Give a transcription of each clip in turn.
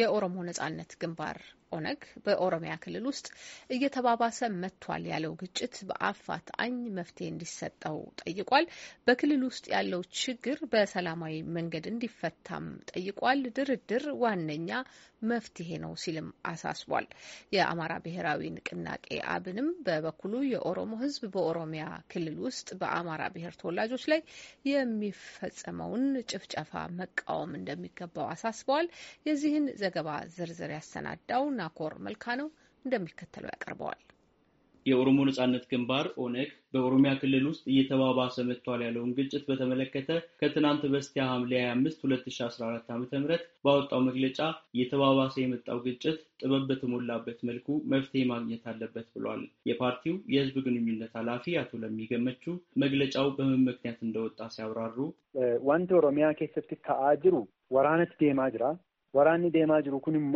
የኦሮሞ ነጻነት ግንባር ኦነግ በኦሮሚያ ክልል ውስጥ እየተባባሰ መጥቷል ያለው ግጭት በአፋጣኝ መፍትሄ እንዲሰጠው ጠይቋል። በክልል ውስጥ ያለው ችግር በሰላማዊ መንገድ እንዲፈታም ጠይቋል። ድርድር ዋነኛ መፍትሄ ነው ሲልም አሳስቧል። የአማራ ብሔራዊ ንቅናቄ አብንም በበኩሉ የኦሮሞ ሕዝብ በኦሮሚያ ክልል ውስጥ በአማራ ብሔር ተወላጆች ላይ የሚፈጸመውን ጭፍጨፋ መቃወም እንደሚገባው አሳስበዋል። የዚህን ዘገባ ዝርዝር ያሰናዳው ናኮር መልካ ነው እንደሚከተለው ያቀርበዋል። የኦሮሞ ነጻነት ግንባር ኦነግ በኦሮሚያ ክልል ውስጥ እየተባባሰ መጥቷል ያለውን ግጭት በተመለከተ ከትናንት በስቲያ ሐምሌ 25 2014 ዓ.ም ባወጣው መግለጫ እየተባባሰ የመጣው ግጭት ጥበብ በተሞላበት መልኩ መፍትሄ ማግኘት አለበት ብሏል። የፓርቲው የህዝብ ግንኙነት ኃላፊ አቶ ለሚገመቹ መግለጫው በምን ምክንያት እንደወጣ ሲያብራሩ ዋንቲ ኦሮሚያ ኬሰት ከአጅሩ ወራነት ዴማ ጅራ ወራኒ ዴማ ጅሩ ኩንሞ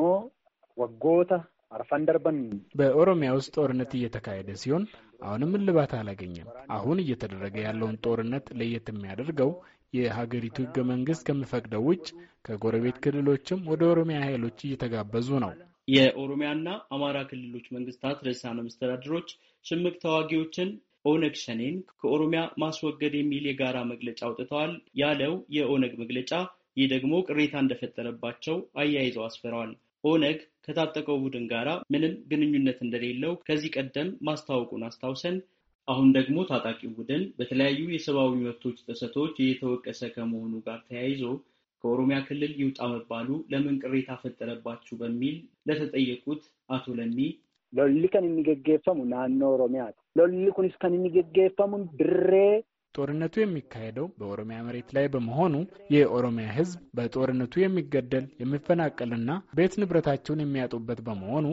ወጎታ አርፋን ደርበን በኦሮሚያ ውስጥ ጦርነት እየተካሄደ ሲሆን አሁንም እልባት አላገኘም። አሁን እየተደረገ ያለውን ጦርነት ለየት የሚያደርገው የሀገሪቱ ሕገ መንግስት ከሚፈቅደው ውጭ ከጎረቤት ክልሎችም ወደ ኦሮሚያ ኃይሎች እየተጋበዙ ነው። የኦሮሚያና አማራ ክልሎች መንግስታት ርዕሳነ መስተዳድሮች ሽምቅ ተዋጊዎችን ኦነግ ሸኔን ከኦሮሚያ ማስወገድ የሚል የጋራ መግለጫ አውጥተዋል ያለው የኦነግ መግለጫ ይህ ደግሞ ቅሬታ እንደፈጠረባቸው አያይዘው አስፍረዋል። ኦነግ ከታጠቀው ቡድን ጋራ ምንም ግንኙነት እንደሌለው ከዚህ ቀደም ማስታወቁን አስታውሰን አሁን ደግሞ ታጣቂው ቡድን በተለያዩ የሰብአዊ መብቶች ጥሰቶች እየተወቀሰ ከመሆኑ ጋር ተያይዞ ከኦሮሚያ ክልል ይውጣ መባሉ ለምን ቅሬታ ፈጠረባችሁ በሚል ለተጠየቁት አቶ ለሚ ሎሊ ከን የሚገገፈሙ ናኖ ኦሮሚያ ሎሊ ኩንስ ከን የሚገገፈሙ ድሬ ጦርነቱ የሚካሄደው በኦሮሚያ መሬት ላይ በመሆኑ የኦሮሚያ ሕዝብ በጦርነቱ የሚገደል የሚፈናቀልና ቤት ንብረታቸውን የሚያጡበት በመሆኑ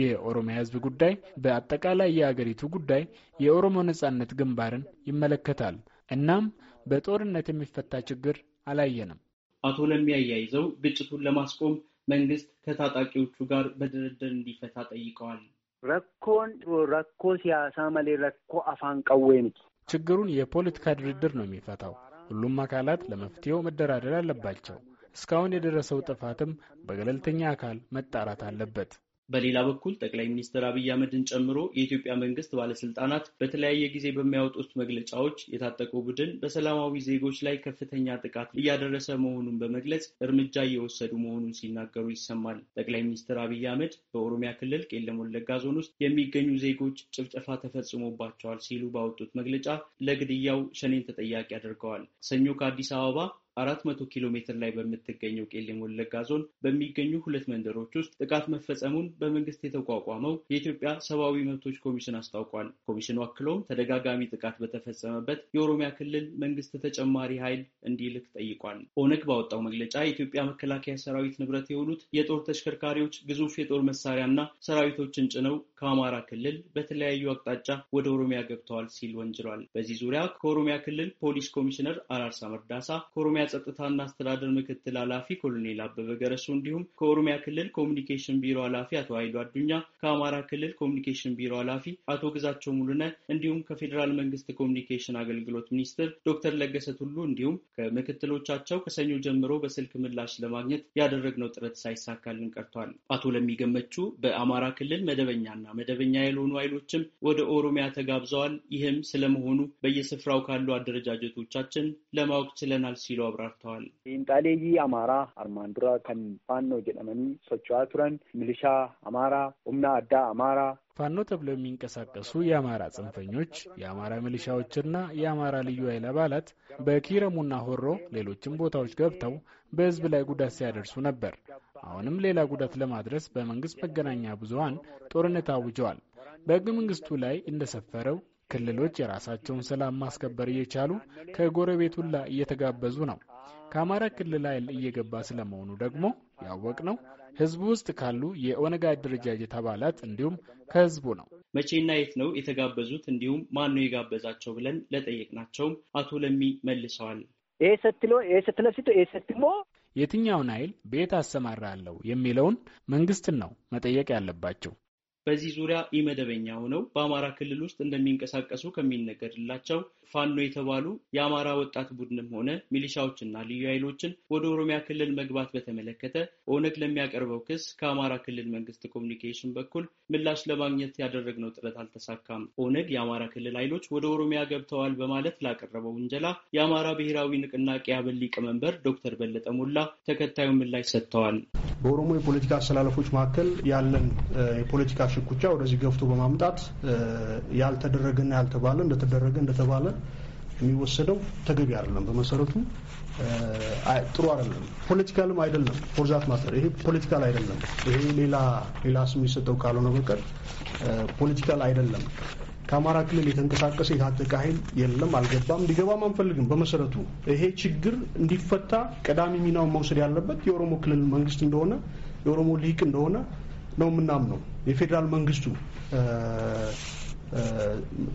የኦሮሚያ ሕዝብ ጉዳይ በአጠቃላይ የአገሪቱ ጉዳይ የኦሮሞ ነጻነት ግንባርን ይመለከታል። እናም በጦርነት የሚፈታ ችግር አላየንም። አቶ ለሚ አያይዘው ግጭቱን ለማስቆም መንግስት ከታጣቂዎቹ ጋር በድርድር እንዲፈታ ጠይቀዋል። ረኮን ረኮ ሲያሳ መሌ ረኮ አፋን ቀዌ ችግሩን የፖለቲካ ድርድር ነው የሚፈታው። ሁሉም አካላት ለመፍትሄው መደራደር አለባቸው። እስካሁን የደረሰው ጥፋትም በገለልተኛ አካል መጣራት አለበት። በሌላ በኩል ጠቅላይ ሚኒስትር አብይ አህመድን ጨምሮ የኢትዮጵያ መንግስት ባለስልጣናት በተለያየ ጊዜ በሚያወጡት መግለጫዎች የታጠቀው ቡድን በሰላማዊ ዜጎች ላይ ከፍተኛ ጥቃት እያደረሰ መሆኑን በመግለጽ እርምጃ እየወሰዱ መሆኑን ሲናገሩ ይሰማል። ጠቅላይ ሚኒስትር አብይ አህመድ በኦሮሚያ ክልል ቄለም ወለጋ ዞን ውስጥ የሚገኙ ዜጎች ጭፍጨፋ ተፈጽሞባቸዋል ሲሉ ባወጡት መግለጫ ለግድያው ሸኔን ተጠያቂ አድርገዋል። ሰኞ ከአዲስ አበባ አራት መቶ ኪሎ ሜትር ላይ በምትገኘው ቄለም ወለጋ ዞን በሚገኙ ሁለት መንደሮች ውስጥ ጥቃት መፈጸሙን በመንግስት የተቋቋመው የኢትዮጵያ ሰብአዊ መብቶች ኮሚሽን አስታውቋል። ኮሚሽኑ አክለውም ተደጋጋሚ ጥቃት በተፈጸመበት የኦሮሚያ ክልል መንግስት ተጨማሪ ኃይል እንዲልክ ጠይቋል። ኦነግ ባወጣው መግለጫ የኢትዮጵያ መከላከያ ሰራዊት ንብረት የሆኑት የጦር ተሽከርካሪዎች ግዙፍ የጦር መሳሪያና ሰራዊቶችን ጭነው ከአማራ ክልል በተለያዩ አቅጣጫ ወደ ኦሮሚያ ገብተዋል ሲል ወንጅሏል። በዚህ ዙሪያ ከኦሮሚያ ክልል ፖሊስ ኮሚሽነር አራርሳ መርዳሳ ከኦሮሚያ ጸጥታና አስተዳደር ምክትል ኃላፊ ኮሎኔል አበበ ገረሱ እንዲሁም ከኦሮሚያ ክልል ኮሚኒኬሽን ቢሮ ኃላፊ አቶ ኃይሉ አዱኛ፣ ከአማራ ክልል ኮሚኒኬሽን ቢሮ ኃላፊ አቶ ግዛቸው ሙሉነ እንዲሁም ከፌዴራል መንግስት ኮሚኒኬሽን አገልግሎት ሚኒስትር ዶክተር ለገሰ ቱሉ እንዲሁም ከምክትሎቻቸው ከሰኞ ጀምሮ በስልክ ምላሽ ለማግኘት ያደረግነው ጥረት ሳይሳካልን ቀርቷል። አቶ ለሚገመቹ በአማራ ክልል መደበኛና መደበኛ ያልሆኑ ኃይሎችም ወደ ኦሮሚያ ተጋብዘዋል። ይህም ስለመሆኑ በየስፍራው ካሉ አደረጃጀቶቻችን ለማወቅ ችለናል ሲሉ አብራርተዋል። ኢንጣሌይ አማራ አርማንዱራ ከን ፋኖ ጀጠመኒ ሶቸዋ ቱረን ሚሊሻ አማራ ኡምና አዳ አማራ ፋኖ ተብለው የሚንቀሳቀሱ የአማራ ጽንፈኞች፣ የአማራ ሚሊሻዎችና የአማራ ልዩ ኃይል አባላት በኪረሙና ሆሮ ሌሎችም ቦታዎች ገብተው በህዝብ ላይ ጉዳት ሲያደርሱ ነበር። አሁንም ሌላ ጉዳት ለማድረስ በመንግስት መገናኛ ብዙሀን ጦርነት አውጀዋል። በሕገ መንግስቱ ላይ እንደሰፈረው ክልሎች የራሳቸውን ሰላም ማስከበር እየቻሉ ከጎረቤቱላ እየተጋበዙ ነው። ከአማራ ክልል ኃይል እየገባ ስለመሆኑ ደግሞ ያወቅ ነው ህዝቡ ውስጥ ካሉ የኦነግ አደረጃጀት አባላት እንዲሁም ከህዝቡ ነው። መቼና የት ነው የተጋበዙት እንዲሁም ማን ነው የጋበዛቸው ብለን ለጠየቅናቸውም አቶ ለሚ መልሰዋል። የትኛውን ኃይል ቤት አሰማራለሁ የሚለውን መንግስትን ነው መጠየቅ ያለባቸው። በዚህ ዙሪያ ኢመደበኛ ሆነው በአማራ ክልል ውስጥ እንደሚንቀሳቀሱ ከሚነገርላቸው ፋኖ የተባሉ የአማራ ወጣት ቡድንም ሆነ ሚሊሻዎችና ልዩ ኃይሎችን ወደ ኦሮሚያ ክልል መግባት በተመለከተ ኦነግ ለሚያቀርበው ክስ ከአማራ ክልል መንግስት ኮሚኒኬሽን በኩል ምላሽ ለማግኘት ያደረግነው ጥረት አልተሳካም። ኦነግ የአማራ ክልል ኃይሎች ወደ ኦሮሚያ ገብተዋል በማለት ላቀረበው ውንጀላ የአማራ ብሔራዊ ንቅናቄ አብን ሊቀመንበር ዶክተር በለጠ ሞላ ተከታዩን ምላሽ ሰጥተዋል። በኦሮሞ የፖለቲካ አሰላለፎች መካከል ያለን የፖለቲካ ሽኩቻ ወደዚህ ገፍቶ በማምጣት ያልተደረገና ያልተባለ እንደተደረገ እንደተባለ የሚወሰደው ተገቢ አይደለም። በመሰረቱ ጥሩ አይደለም። ፖለቲካልም አይደለም። ፎርዛት ማተር ይሄ ፖለቲካል አይደለም። ይሄ ሌላ ሌላ ስም የሚሰጠው ካልሆነ በቀር ፖለቲካል አይደለም። ከአማራ ክልል የተንቀሳቀሰ የታጠቀ ኃይል የለም፣ አልገባም፣ እንዲገባም አንፈልግም። በመሰረቱ ይሄ ችግር እንዲፈታ ቀዳሚ ሚናውን መውሰድ ያለበት የኦሮሞ ክልል መንግስት እንደሆነ የኦሮሞ ሊቅ እንደሆነ ነው የምናምነው። የፌዴራል መንግስቱ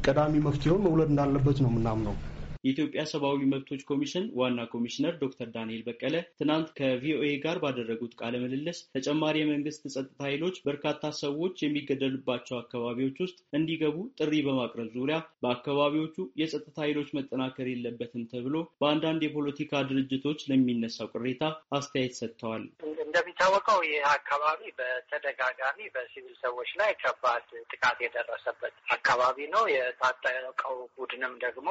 ቀዳሚ መፍትሄውን መውለድ እንዳለበት ነው የምናምነው። የኢትዮጵያ ሰብአዊ መብቶች ኮሚሽን ዋና ኮሚሽነር ዶክተር ዳንኤል በቀለ ትናንት ከቪኦኤ ጋር ባደረጉት ቃለ ምልልስ ተጨማሪ የመንግስት ጸጥታ ኃይሎች በርካታ ሰዎች የሚገደሉባቸው አካባቢዎች ውስጥ እንዲገቡ ጥሪ በማቅረብ ዙሪያ በአካባቢዎቹ የጸጥታ ኃይሎች መጠናከር የለበትም ተብሎ በአንዳንድ የፖለቲካ ድርጅቶች ለሚነሳው ቅሬታ አስተያየት ሰጥተዋል። እንደሚታወቀው ይህ አካባቢ በተደጋጋሚ በሲቪል ሰዎች ላይ ከባድ ጥቃት የደረሰበት አካባቢ ነው። የታጠቀው ቡድንም ደግሞ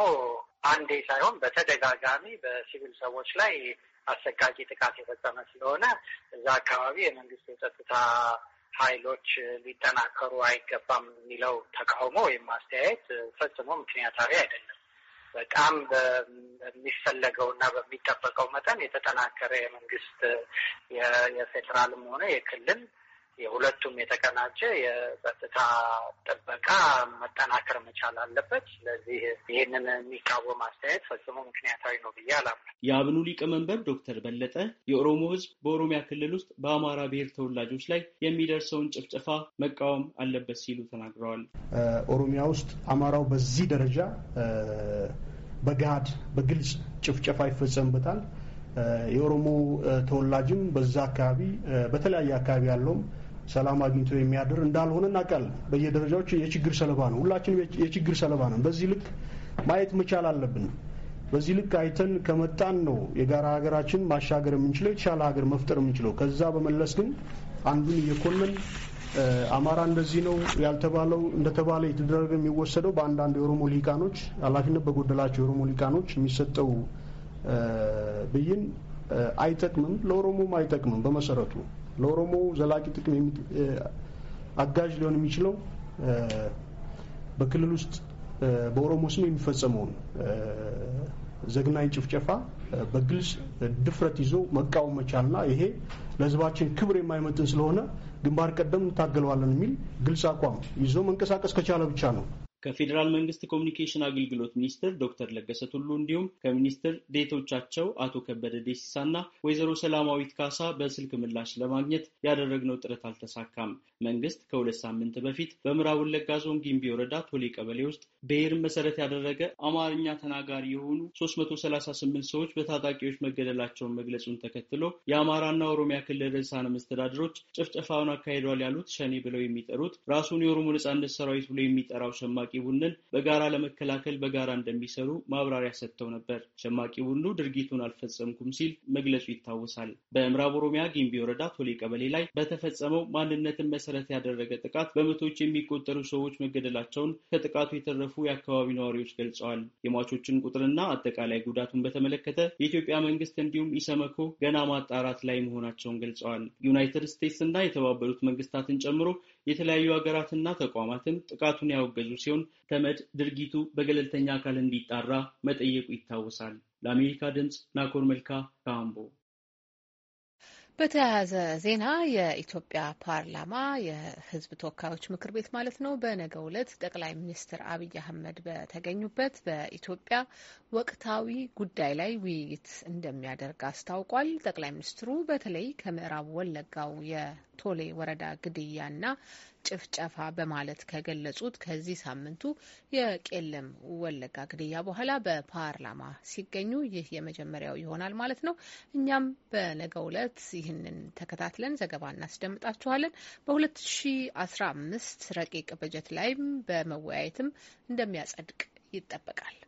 አንዴ ሳይሆን በተደጋጋሚ በሲቪል ሰዎች ላይ አሰቃቂ ጥቃት የፈጸመ ስለሆነ እዛ አካባቢ የመንግስት የጸጥታ ኃይሎች ሊጠናከሩ አይገባም የሚለው ተቃውሞ ወይም አስተያየት ፈጽሞ ምክንያታዊ አይደለም። በጣም በሚፈለገው እና በሚጠበቀው መጠን የተጠናከረ የመንግስት የፌዴራልም ሆነ የክልል የሁለቱም የተቀናጀ የጸጥታ ጥበቃ መጠናከር መቻል አለበት። ስለዚህ ይህንን የሚቃወም አስተያየት ፈጽሞ ምክንያታዊ ነው ብዬ አላምንም። የአብኑ ሊቀመንበር ዶክተር በለጠ የኦሮሞ ሕዝብ በኦሮሚያ ክልል ውስጥ በአማራ ብሔር ተወላጆች ላይ የሚደርሰውን ጭፍጨፋ መቃወም አለበት ሲሉ ተናግረዋል። ኦሮሚያ ውስጥ አማራው በዚህ ደረጃ በገሃድ በግልጽ ጭፍጨፋ ይፈጸምበታል። የኦሮሞ ተወላጅም በዛ አካባቢ በተለያየ አካባቢ ያለውም ሰላም አግኝቶ የሚያድር እንዳልሆነ እናውቃለን። በየደረጃዎች የችግር ሰለባ ነው። ሁላችንም የችግር ሰለባ ነው በዚህ ልክ ማየት መቻል አለብን። በዚህ ልክ አይተን ከመጣን ነው የጋራ ሀገራችን ማሻገር የምንችለው የተሻለ ሀገር መፍጠር የምንችለው። ከዛ በመለስ ግን አንዱን እየኮነን አማራ እንደዚህ ነው ያልተባለው እንደተባለ የተደረገ የሚወሰደው በአንዳንድ የኦሮሞ ሊቃኖች ኃላፊነት በጎደላቸው የኦሮሞ ሊቃኖች የሚሰጠው ብይን አይጠቅምም፣ ለኦሮሞም አይጠቅምም። በመሰረቱ ለኦሮሞ ዘላቂ ጥቅም አጋዥ ሊሆን የሚችለው በክልል ውስጥ በኦሮሞ ስም የሚፈጸመውን ዘግናኝ ጭፍጨፋ በግልጽ ድፍረት ይዞ መቃወም መቻልና ይሄ ለሕዝባችን ክብር የማይመጥን ስለሆነ ግንባር ቀደም እንታገለዋለን የሚል ግልጽ አቋም ይዞ መንቀሳቀስ ከቻለ ብቻ ነው። ከፌዴራል መንግስት ኮሚኒኬሽን አገልግሎት ሚኒስትር ዶክተር ለገሰ ቱሉ እንዲሁም ከሚኒስትር ዴቶቻቸው አቶ ከበደ ደሲሳና ወይዘሮ ሰላማዊት ካሳ በስልክ ምላሽ ለማግኘት ያደረግነው ጥረት አልተሳካም። መንግስት ከሁለት ሳምንት በፊት በምዕራብ ወለጋ ዞን ጊምቢ ወረዳ ቶሌ ቀበሌ ውስጥ ብሔርን መሰረት ያደረገ አማርኛ ተናጋሪ የሆኑ 338 ሰዎች በታጣቂዎች መገደላቸውን መግለጹን ተከትሎ የአማራና ኦሮሚያ ክልል ርዕሳነ መስተዳድሮች ጭፍጨፋውን አካሂደዋል ያሉት ሸኔ ብለው የሚጠሩት ራሱን የኦሮሞ ነጻነት ሰራዊት ብሎ የሚጠራው ሸማቂ ሸማቂ ቡድንን በጋራ ለመከላከል በጋራ እንደሚሰሩ ማብራሪያ ሰጥተው ነበር። ሸማቂ ቡድኑ ድርጊቱን አልፈጸምኩም ሲል መግለጹ ይታወሳል። በምዕራብ ኦሮሚያ ጊምቢ ወረዳ ቶሌ ቀበሌ ላይ በተፈጸመው ማንነትን መሰረት ያደረገ ጥቃት በመቶዎች የሚቆጠሩ ሰዎች መገደላቸውን ከጥቃቱ የተረፉ የአካባቢ ነዋሪዎች ገልጸዋል። የሟቾችን ቁጥርና አጠቃላይ ጉዳቱን በተመለከተ የኢትዮጵያ መንግስት እንዲሁም ኢሰመኮ ገና ማጣራት ላይ መሆናቸውን ገልጸዋል። ዩናይትድ ስቴትስ እና የተባበሩት መንግስታትን ጨምሮ የተለያዩ ሀገራትና ተቋማትም ጥቃቱን ያወገዙ ሲሆን ተመድ ድርጊቱ በገለልተኛ አካል እንዲጣራ መጠየቁ ይታወሳል። ለአሜሪካ ድምፅ ናኮር መልካ ካምቦ በተያያዘ ዜና የኢትዮጵያ ፓርላማ የሕዝብ ተወካዮች ምክር ቤት ማለት ነው በነገ ዕለት ጠቅላይ ሚኒስትር አብይ አህመድ በተገኙበት በኢትዮጵያ ወቅታዊ ጉዳይ ላይ ውይይት እንደሚያደርግ አስታውቋል። ጠቅላይ ሚኒስትሩ በተለይ ከምዕራብ ወለጋው የቶሌ ወረዳ ግድያና ጭፍጨፋ በማለት ከገለጹት ከዚህ ሳምንቱ የቄለም ወለጋ ግድያ በኋላ በፓርላማ ሲገኙ ይህ የመጀመሪያው ይሆናል ማለት ነው። እኛም በነገው ዕለት ይህንን ተከታትለን ዘገባ እናስደምጣችኋለን። በ2015 ረቂቅ በጀት ላይም በመወያየትም እንደሚያጸድቅ ይጠበቃል።